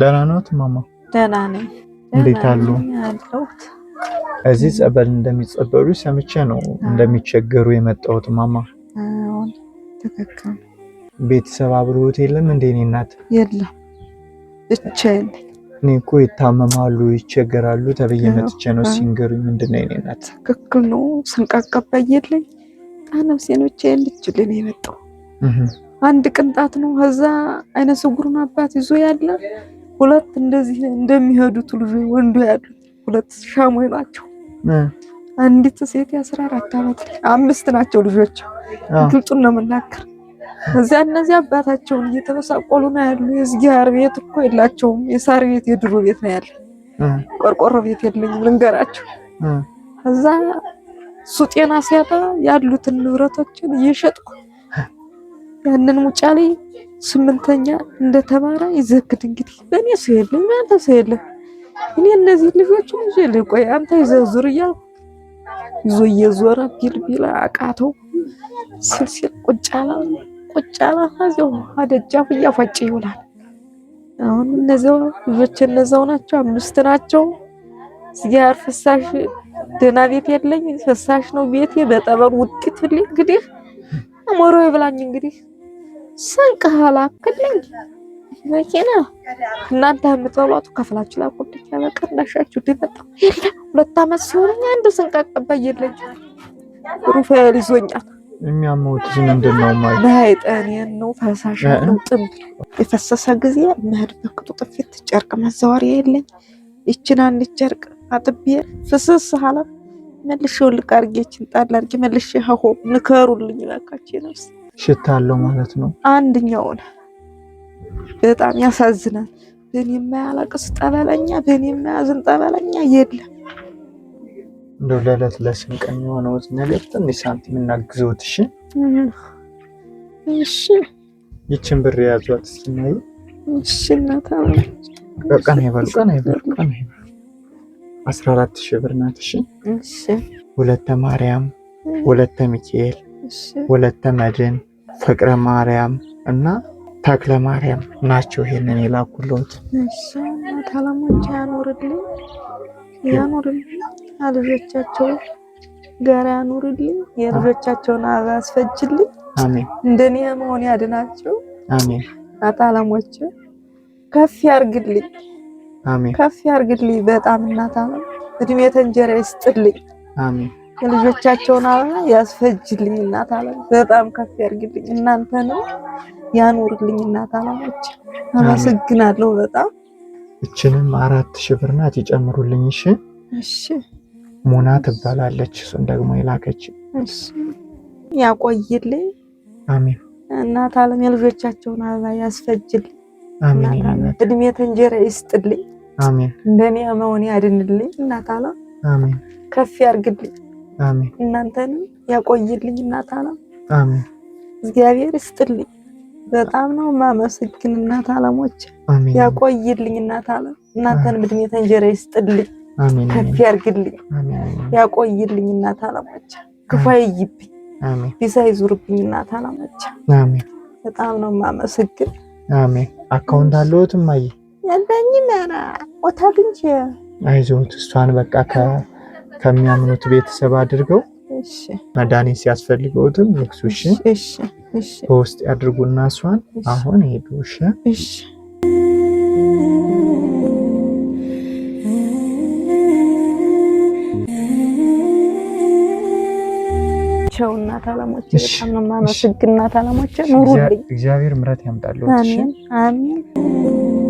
ደህና ነዎት እማማ? ደህና ነኝ። እንዴት አሉ? እዚህ ጸበል እንደሚጸበሉ ሰምቼ ነው እንደሚቸገሩ የመጣሁት እማማ። ቤተሰብ አብሮት የለም እንዴ? እኔ እናት የለም፣ ብቻዬን ነኝ። እኔ እኮ ይታመማሉ ይቸገራሉ ተብዬ መጥቼ ነው። ሲንገሩ። ምንድን ነው የእኔ እናት? ትክክል ነው። ስንቃቃባ የለኝ ጣነም ሴኖቼ ልችልን የመጣው አንድ ቅንጣት ነው። ከዛ አይነ ስጉሩን አባት ይዞ ያለ ሁለት እንደዚህ እንደሚሄዱት ልጆች ወንዱ ያሉት ሁለት ሻሞይ ናቸው። አንዲት ሴት የአስራ አራት ዓመት አምስት ናቸው ልጆች። ግልጡን ነው የምናገር። እዚያ እነዚህ አባታቸውን እየተበሳቆሉ ነው ያሉ። የእግዚአብሔር ቤት እኮ የላቸውም። የሳር ቤት የድሮ ቤት ነው ያለ። ቆርቆሮ ቤት የለኝም ልንገራቸው። እዛ እሱ ጤና ሲያጣ ያሉትን ንብረቶችን እየሸጥኩ ያንን ሙጫ ላይ ስምንተኛ እንደተማረ ይዘክድ እንግዲህ በእኔ ሰው የለም፣ እናንተ ሰው የለም። እኔ እነዚህ ልጆች ልጆቹን ይዤ ቆይ አንተ ይዘህ ዙር ይዞ እየዞረ ቢልቢል አቃተው ስልሲል ቁጫላ ቁጫላ ዚው አለ። ከዚያው አደጃፍ እያፏጭ ይውላል። አሁን እነዚው ልጆች እነዛው ናቸው፣ አምስት ናቸው። ዚያር ፍሳሽ ደህና ቤት የለኝ፣ ፍሳሽ ነው ቤቴ በጠበል ውጤት። እንግዲህ አሞሮ ይብላኝ እንግዲህ ስንቅ ላክልኝ መኪና እናንተ የምትበሏቱ ከፍላችሁ ላኩልኝ። ድመጣ ሁለት ዓመት ሲሆነኝ አንድ ስንቅ ሩፋኤል ይዞኛል። የሚያመውት ማይጠኔን ነው ፈሳሽ ነው ጥም የፈሰሰ ጊዜ መሄድ ጥፊት ጨርቅ መዘዋሪያ የለኝ። ይችን አንድ ጨርቅ አጥቤ ፍስስ መልሼ አድርጌ ይችን ጣል አድርጌ መልሼ ሀሆ ንከሩልኝ ሽታ አለው ማለት ነው። አንድኛውን በጣም ያሳዝናል። ብን የማያለቅስ ጠበለኛ፣ ብን የማያዝን ጠበለኛ የለም። እንደ ለዕለት ለስንቀን የሆነውት ነገር ትንሽ ሳንቲም እናግዘውት። እሺ፣ እሺ። ይችን ብር የያዟት ስናይ፣ እሺ። እናታ ይበል፣ ቀን ይበል፣ ቀን ይበል። አስራ አራት ሺህ ብር ናት። እሺ፣ ሁለተ ማርያም፣ ሁለተ ሚካኤል ወለተ መድን፣ ፍቅረ ማርያም እና ተክለ ማርያም ናቸው ይሄንን የላኩልዎት። ታላሞች ያኖርልኝ ያኖርልኝ፣ አልጆቻቸው ጋር ያኖርልኝ፣ የልጆቻቸውን አስፈጅልኝ። አሜን። እንደኔ መሆን ያድናቸው። አሜን። አታላሞች ከፍ ያርግልኝ። አሜን። ከፍ ያርግልኝ። በጣም እናታም እድሜ ተንጀራ ይስጥልኝ። አሜን። የልጆቻቸውን አበባ ያስፈጅልኝ እናት በጣም ከፍ ያርግልኝ። ነው ያኖርልኝ እናት ዓለሞች አመሰግናለሁ በጣም። እችንም አራት ሺህ ብር ናት ይጨምሩልኝ። እሺ እሺ። ሙና ትባላለች። እሱን ደግሞ የላከች ያቆይልኝ። አሜን። እናት ዓለም የልጆቻቸውን አበባ ያስፈጅልኝ። አሜን። እድሜ ተንጀራ ይስጥልኝ። አሜን። እንደኔ መሆን ያድንልኝ እናት ዓለም አሜን። ከፍ ያርግልኝ እናንተንም ያቆይልኝ። እናታ ነው እግዚአብሔር ይስጥልኝ። በጣም ነው ማመስግን እናት አለሞች ያቆይልኝ። እናት አለ እናንተን እድሜ እንጀራ ይስጥልኝ፣ ከፍ ያርግልኝ፣ ያቆይልኝ። እናት አለሞች ክፉ አይይብኝ፣ ቢሳ ይዙርብኝ። እናት አለሞች በጣም ነው ማመስግን አሜን። አካውንት አለሁትም አየ የለኝም ኧረ ወታል እንጂ አይዞት እሷን በቃ ከሚያምኑት ቤተሰብ አድርገው መድኃኒት ሲያስፈልገውትም ልክሱሽ በውስጥ ያድርጉና እሷን አሁን ሄዱሽ እሺ ናቸው እናት አለሞች በጣም ነው የማመሰግናት። አለሞች ኑሩልኝ፣ እግዚአብሔር ምረት ያምጣለሁ አሜን አሜን።